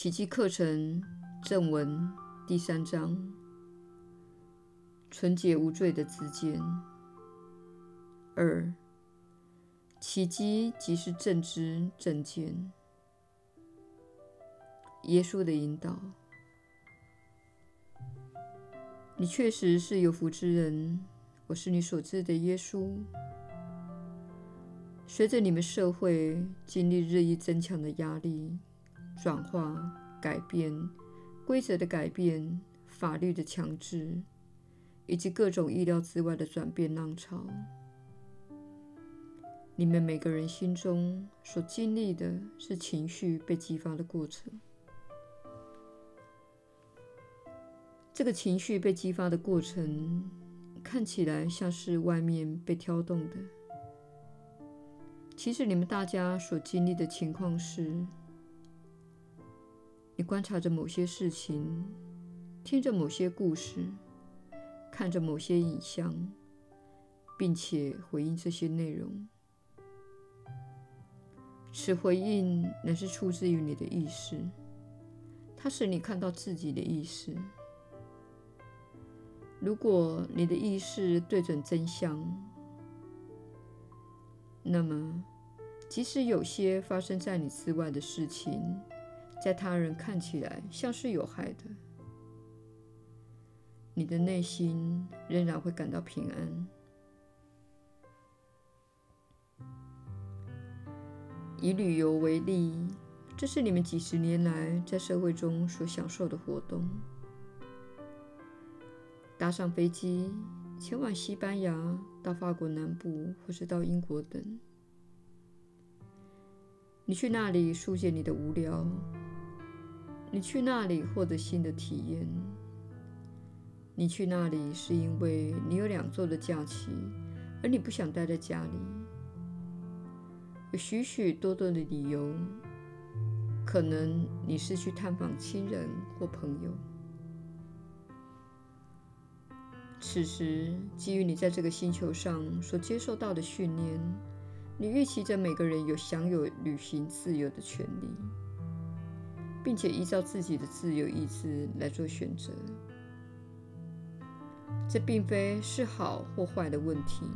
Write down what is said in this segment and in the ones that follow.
奇蹟課程正文第三章：純潔無罪的知見。二，奇蹟即是正知正見。耶穌的引導。你確實是有福之人，我是你所知的耶穌。隨着你們社會經歷日益增強的壓力。轉化、改變、規則的改變、法律的強制，以及各種意料之外的轉變浪潮，你們每個人心中所經歷的是情緒被激發的過程。這個情緒被激發的過程看起來像是外面被挑動的，其實你們大家所經歷的情況是，你觀察着某些事情，聽着某些故事，看着某些影像，並且回應這些內容。此回應乃是出自於你的意識，它使你看到自己的意識。如果你的意識對準真相，那麼即使有些發生在你之外的事情，在他人看起來像是有害的，你的內心仍然會感到平安。以旅遊為例，這是你們幾十年來在社會中所享受的活動。搭上飛機前往西班牙、到法國南部，或是到英國等，你去那裡疏解你的無聊。你去那裡獲得新的體驗。你去那裡是因為你有兩週的假期，而你不想待在家裡。有許許多多的理由，可能你是去探訪親人或朋友。此時，基於你在這個星球上所接受到的訓練，你預期着每個人有享有旅行自由的權利。並且依照自己的自由意志來做選擇，這並非是好或壞的問題，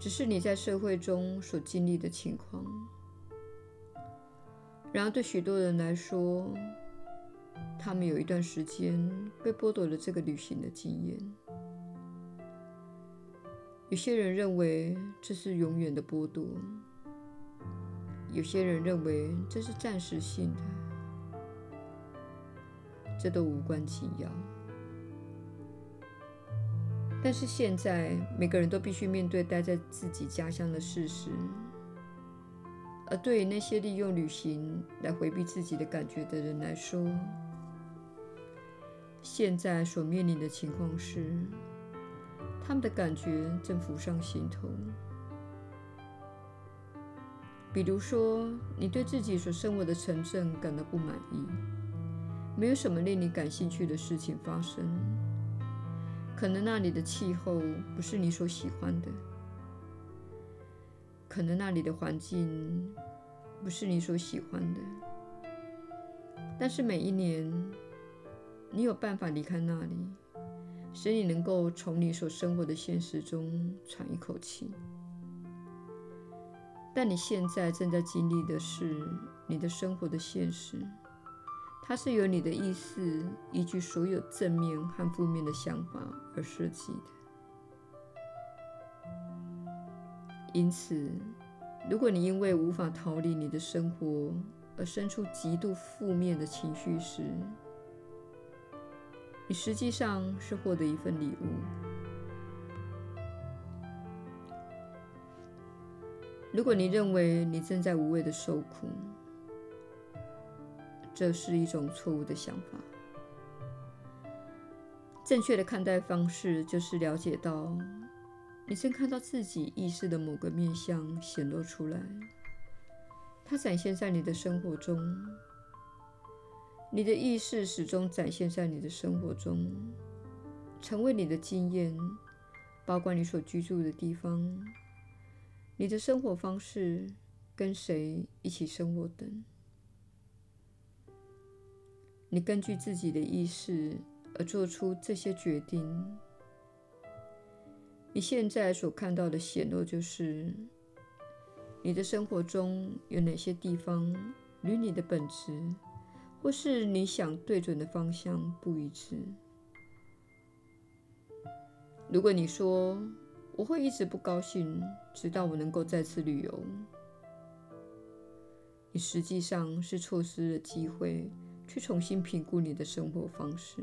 只是你在社會中所經歷的情況。然而，對許多人來說，他們有一段時間被剝奪了這個旅行的經驗。有些人認為這是永遠的剝奪。有些人認為這是暫時性的，這都無關緊要。但是現在，每個人都必須面對待在自己家鄉的事實。而對於那些利用旅行來迴避自己的感覺的人來說，現在所面臨的情況是，他們的感覺正浮上心頭。比如說，你對自己所生活的城鎮感到不滿意，沒有什麼令你感興趣的事情發生。可能那裡的氣候不是你所喜歡的，可能那裡的環境不是你所喜歡的。但是每一年，你有辦法離開那裡，使你能夠從你所生活的現實中喘一口氣。但你現在正在經歷的是你的生活的現實，它是由你的意識依據所有正面和負面的想法而設計的。因此，如果你因為無法逃離你的生活而生出極度負面的情緒時，你實際上是獲得一份禮物。如果你認為你正在無謂的受苦，這是一種錯誤的想法。正確的看待方式就是了解到，你正看到自己意識的某個面向顯露出來，它展現在你的生活中。你的意識始終展現在你的生活中，成為你的經驗，包括你所居住的地方。你的生活方式、跟誰一起生活等，你根據自己的意識而做出這些決定。你現在所看到的顯露，就是你的生活中有哪些地方與你的本質或是你想對準的方向不一致。如果你說，我會一直不高興，直到我能夠再次旅遊。你實際上是錯失了機會，去重新評估你的生活方式，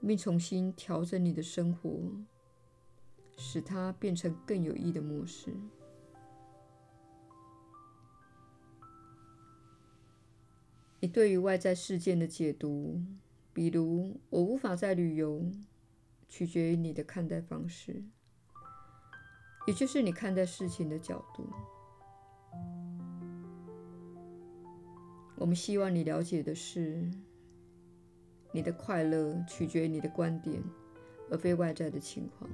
並重新調整你的生活，使它變成更有益的模式。你對於外在事件的解讀，比如我無法再旅遊，取決於你的看待方式。也就是你看待事情的角度。我們希望你了解的是，你的快樂取決於你的觀點，而非外在的情況。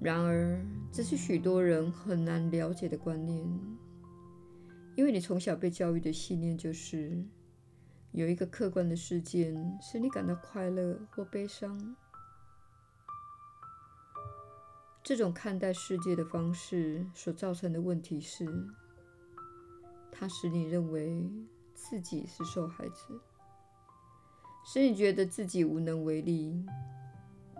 然而，這是許多人很難了解的觀念，因為你從小被教育的信念就是，有一個客觀的世界，使你感到快樂或悲傷。這種看待世界的方式所造成的問題是，它使你認為自己是受害者，使你覺得自己無能為力，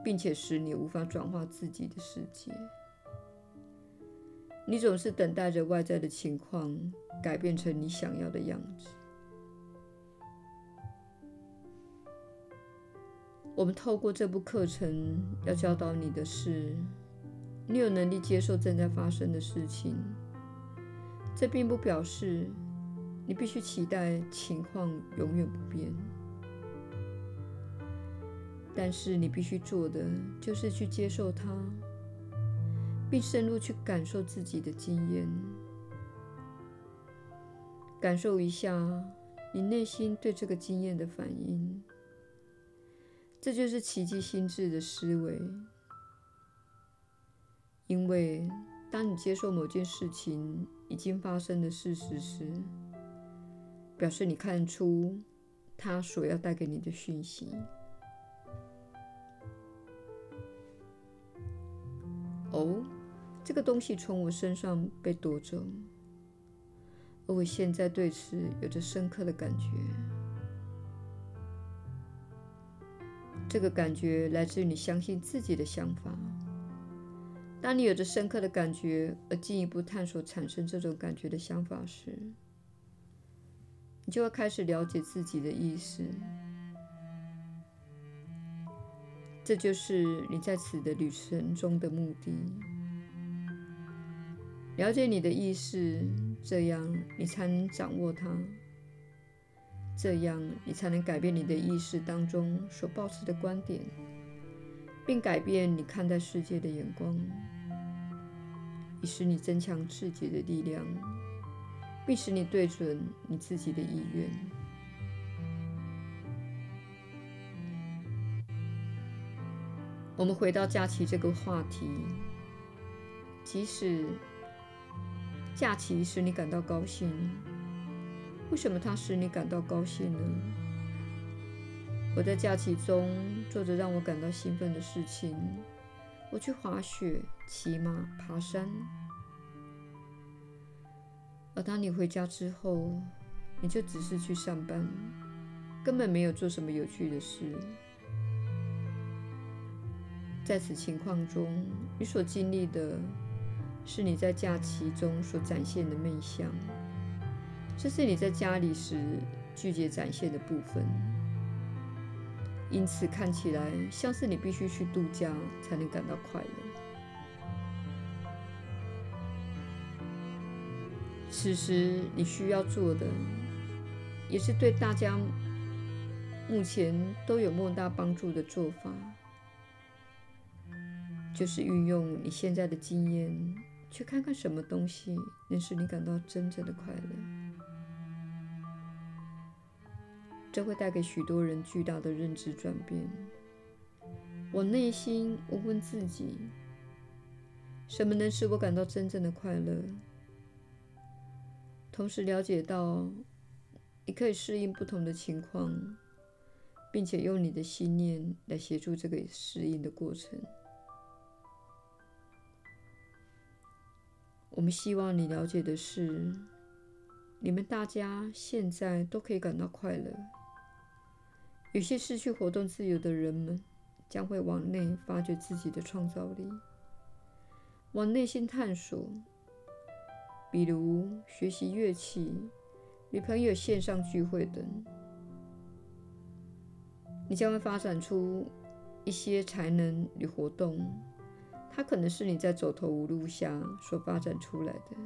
並且使你無法轉化自己的世界。你總是等待着外在的情況改變成你想要的樣子。我們透過這部課程要教導你的是，你有能力接受正在發生的事情，這並不表示你必須期待情況永遠不變。但是你必須做的就是去接受它，並深入去感受自己的經驗，感受一下你內心對這個經驗的反應。這就是奇蹟心智的思維。因為，當你接受某件事情已經發生的事實時，表示你看出他所要帶給你的訊息。哦，這個東西從我身上被奪走，而我現在對此有着深刻的感覺。這個感覺來自於你相信自己的想法。當你有着深刻的感覺，而進一步探索產生這種感覺的想法時，你就會開始了解自己的意識。這就是你在此的旅程中的目的：了解你的意識，這樣你才能掌握它，這樣你才能改變你的意識當中所抱持的觀點。並改變你看待世界的眼光，以使你增強自己的力量，並使你對準你自己的意願。我們回到假期這個話題，即使假期使你感到高興，為什麼它使你感到高興呢？我在假期中做着讓我感到興奮的事情，我去滑雪、騎馬、爬山。而當你回家之後，你就只是去上班，根本沒有做什麼有趣的事。在此情況中，你所經歷的是你在假期中所展現的面向，這是你在家裡時拒絕展現的部分。因此，看起來像是你必須去度假才能感到快樂。此時，你需要做的，也是對大家目前都有莫大幫助的做法，就是運用你現在的經驗，去看看什麼東西能使你感到真正的快樂。這會帶給許多人巨大的認知轉變。我內心問問自己：什麼能使我感到真正的快樂？同時了解到，你可以適應不同的情況，並且用你的信念來協助這個適應的過程。我們希望你了解的是，你們大家現在都可以感到快樂。有些失去活動自由的人們，將會往內發掘自己的創造力，往內心探索，比如學習樂器、與朋友線上聚會等。你將會發展出一些才能與活動，它可能是你在走投無路下所發展出來的，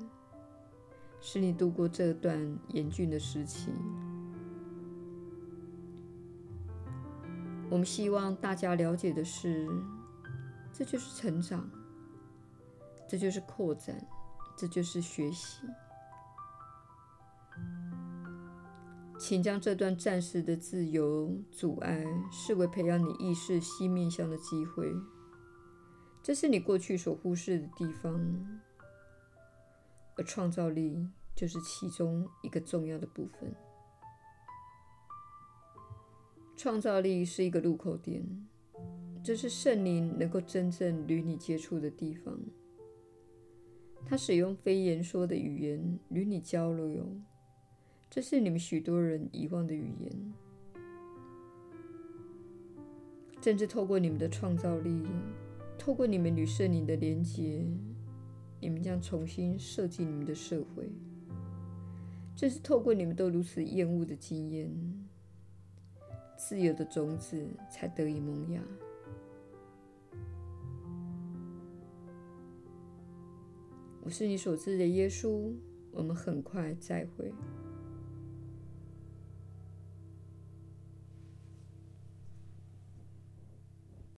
使你度過這段嚴峻的時期。我們希望大家了解的是，這就是成長，這就是擴展，這就是學習。請將這段暫時的自由阻礙視為培養你意識新面向的機會，這是你過去所忽視的地方，而創造力就是其中一個重要的部分。創造力是一個入口點，這是聖靈能夠真正與你接觸的地方。他使用非言說的語言與你交流，這是你們許多人遺忘的語言。正是透過你們的創造力，透過你們與聖靈的連接，你們將重新設計你們的社會。正是透過你們都如此厭惡的經驗。自由的種子才得以萌芽。我是你所知的耶穌，我們很快再會。